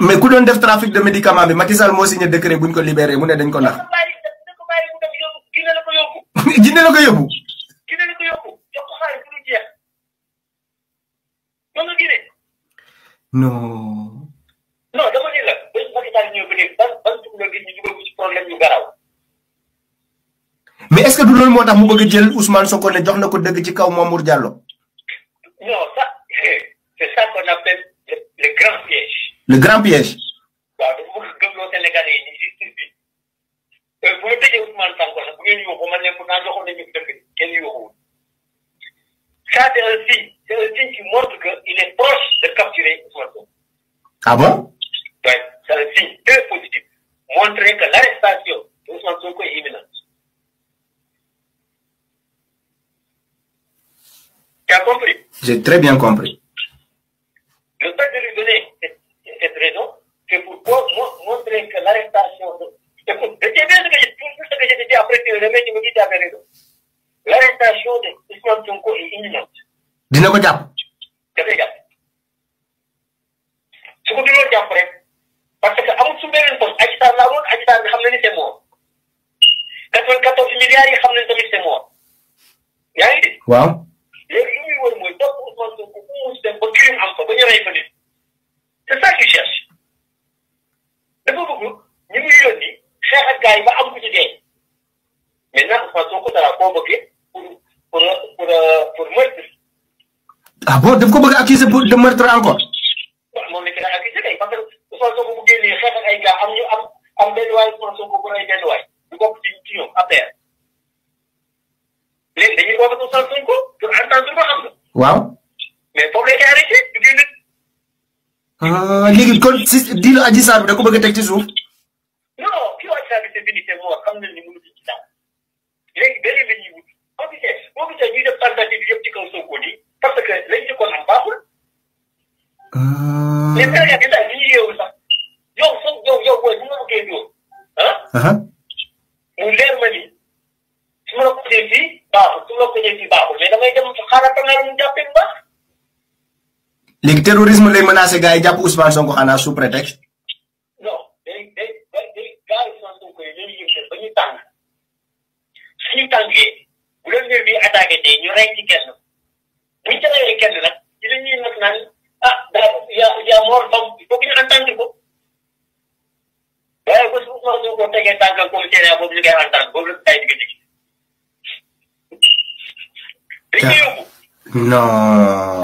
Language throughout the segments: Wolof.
mais ku doon def trafic de médicament bi Macky moo signé décret buñ ko libéré mu ne ko nax. jinne la ko yóbbu. non. non yu garaw. mais est-ce que du loolu moo tax mu bëgg jël Ousmane Sonko ne jox na ko dëgg ci kaw Mamour Diallo. non ça le grand piège. Euh, ça c'est un signe c'est un qui montre qu'il est proche de capturer Ousmane ah bon. oui c'est un signe très positif montrer que l'arrestation d'Ousmane Sonko est imminente. Tu as compris? J'ai très bien compris. montrer que l'arrestation de... Écoute, le bien ce que j'ai tout ce que j'ai dit après, tu le remets, tu me dis tu as raison. L'arrestation de Ousmane Sonko est imminente. dina ko jàpp. da koy jàpp su ko duloon jàpp rek parce que amul su beneen poste Adji Sarr la amoon Adji Sarr bi xam na ni c'est mort. quatre-vingt-quatorze milliards yi xam nañ tamit c'est mort. yaa ngi dégg. waaw léegi li muy wër mooy topp Ousmane Sonko ku mu dem ba crime am fa ba ñu rey fa nit. c'est ça qui dafa bëgg ñu ngi yónni xeex ak gars yi ba am ku ci dee maintenant Ousmane Sonko dara convoqué pour pour pour ah bon daf ko bëgg a accuser pour de meurtre encore. waaw moom la ñu koy accuser kay parce que Ousmane Sonko bu génnee xeex ak ay gars am ñu am am benn waay Ousmane Sonko bu rey benn waay ñu bokk ci ci pour entendre ko xam nga. mais foofu la ñu koy arrêté du ah léegi kon si diiru Adji Sarr bi da ko bëgg a teg ci suuf. non kii waa Sarr bi te bii nii wax ni mënu ci daaw léegi beneen la ñuy wut boo gisee boo gisee ñuy def tentative yëpp ci kaw Sonko nii parce que lañ ci ko am baaxul. ni la ko jëlee la ko jëlee fii baaxul mais damay dem xaaral tamit mu jàppee bu léegi terrorisme lay menacé gars yi jàpp Ousmane Sonko xanaa sous prétexte. non day day day gars yi Ousmane Sonko yi ñoom ñoom ñoom ba ñu tàng suñu tàngee bu doon mbir bi attaqué tey ñu rey ci kenn buñ ca reyee kenn nag ci la ñuy nag naan ah daa yaa yaa moor fam il faut que ñu entendre ko waaye bés bu Ousmane Sonko tegee tànkam commissariat boobu ñu koy entendre boobu la gars yi di ko dégg. non.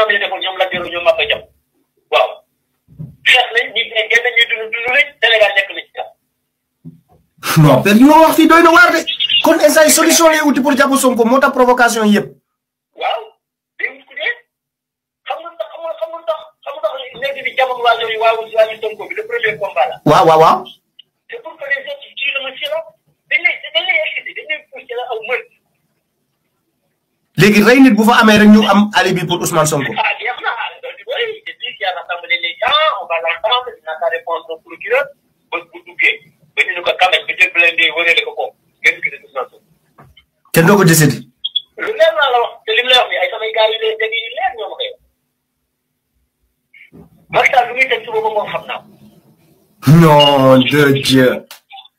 maam yi defoon ñoom la jëloon ñoom Maba Jaw waaw xeex nañ ñi ne ngeen dañuy dund dund de kon instant solution lay uti waaw waaw léegi rey nit bu fa amee rek ñu am alibi pour Ousmane Sonko. kenn doo ko décidé. lu leer naa la wax te li mu lay wax nii ay samay gars yu leer dégg yu leer ñoo ma koy wax. Macky Sall lu muy teg si boppam moom xam naa ko. non de Dieu.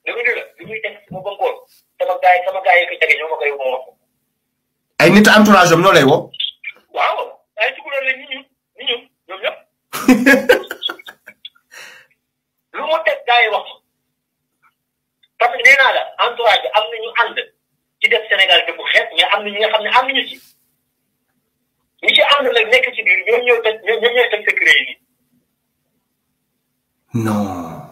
dégg nga li muy teg si boppam sama gars yi sama gars yi ko tege ñoo ma koy wax. ay nit entourage am ñoo waaw ay tukulóor la ñu ñu ñu ñu lu mu teg gars yi wax parce que nee naa la entourage am na ñu ànd ci def Sénégal te bu xeet mais am na ñi nga xam ne am nañu ci ñi ci ànd nag nekk ci biir ñoom ñoo teg teg secret yi. non.